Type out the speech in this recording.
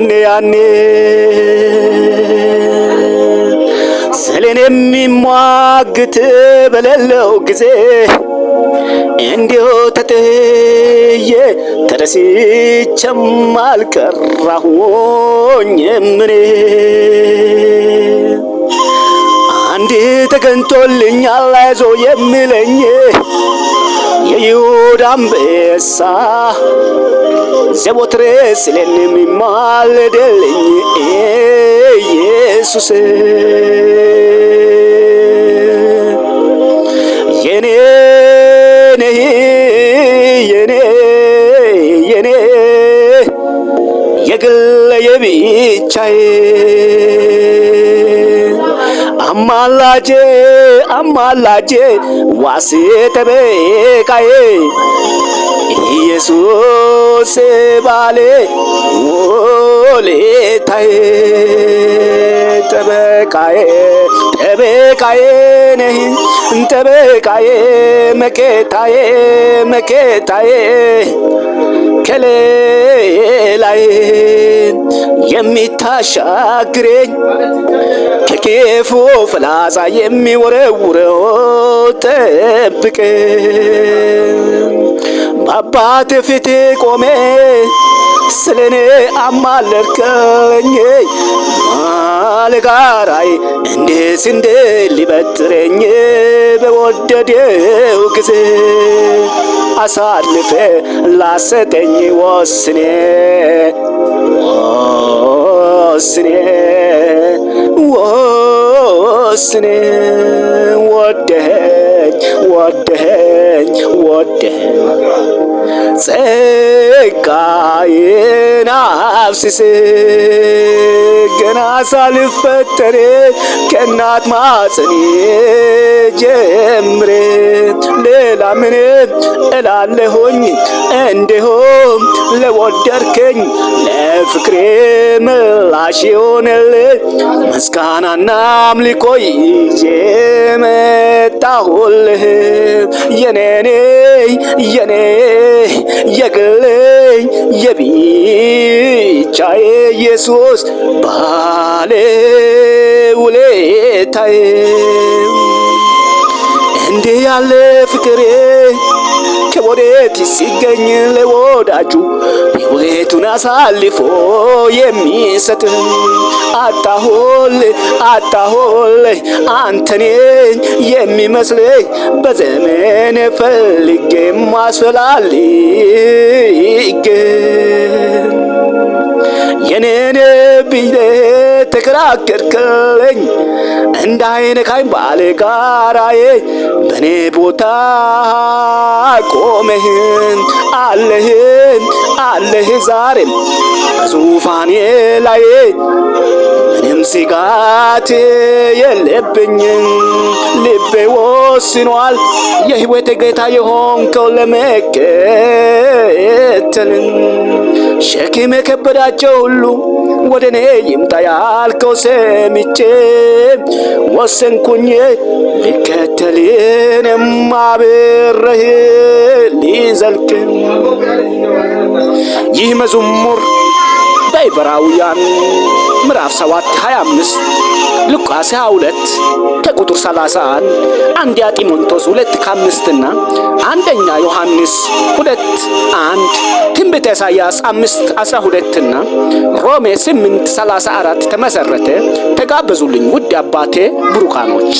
ያኔ ያኔ ስልን የሚሟግት በሌለው ጊዜ እንዲሁ ተጥዬ ተደስቼም አልቀራሁኝም እኔ አንድ ተገኝቶልኛል አይዞ የሚለኝ የይሁዳ አንበሳ ዘወትር ስለኔ የሚማልድልኝ ኢየሱስ የኔ ነህ የኔ የኔ የግል የብቻዬ አማላጄ አማላጄ ዋሴ ተበቃዬ ኢየሱስ ባሌ ወሌታዬ ጠበቃዬ ጠበቃዬ ነህ ጠበቃዬ መከታዬ መከታዬ ከላይ የሚታሻግረኝ ከክፉ ፍላጻ የሚወረውረው ጠብቀ በአባት ፊት ቆሜ ስለኔ አማለርከኝ ማልጋራይ እንዴት እንዴ ሊበጥረኝ በወደደው ጊዜ አሳልፌ ላሰጠኝ ወስኔ ወስኔ ወስኔ ወደኸኝ ወደኸኝ ወደኸኝ ጸጋዬን አፍስስ ገና ሳልፈጠር ከእናት ማፀኔ ላምን እላለሁኝ እንዲሁም ለወደድከኝ ለፍቅሬ ምላሽ ይሆንልኝ ምስጋናና አምልኮ ይዤ መጣሁልህ የኔኔ የኔ የግልኝ የብቻዬ ኢየሱስ ባለ ውለታዬ እንዲህ ያለ ፍቅሬ ከወዴት ሲገኝ ለወዳጁ ሕይወቱን አሳልፎ የሚሰጥ አጣሁል አጣሁል አንተኔ የሚመስለኝ በዘመን ፈልጌ ማስፈላልግ የኔኔ ተከራከርከኝ እንደ አይነካኝ ባለጋራዬ በኔ ቦታ ቆመህን አለህን አለህ ዛሬም በዙፋኔ ላይ ምንም ስጋት የለብኝም። ልቤ ወስኗል የሕይወቴ ጌታ የሆንከው ለመከተልን ሸክም የከበዳቸው ሁሉ ወደ እኔ ይምጣ ያልከው ሰምቼ ወሰንኩኝ ልከተልህንም አብረህ ሊዘልቅ ይህ መዝሙር በዕብራውያን ምዕራፍ 7 25 ሉቃስ 22 ከቁጥር 31 አንደኛ ጢሞቴዎስ 2 ከ5 እና አንደኛ ዮሐንስ 2 1 ትንቢተ ኢሳይያስ 5 12 እና ሮሜ 8 34 ተመሰረተ። ተጋበዙልኝ ውድ አባቴ ብሩካኖች።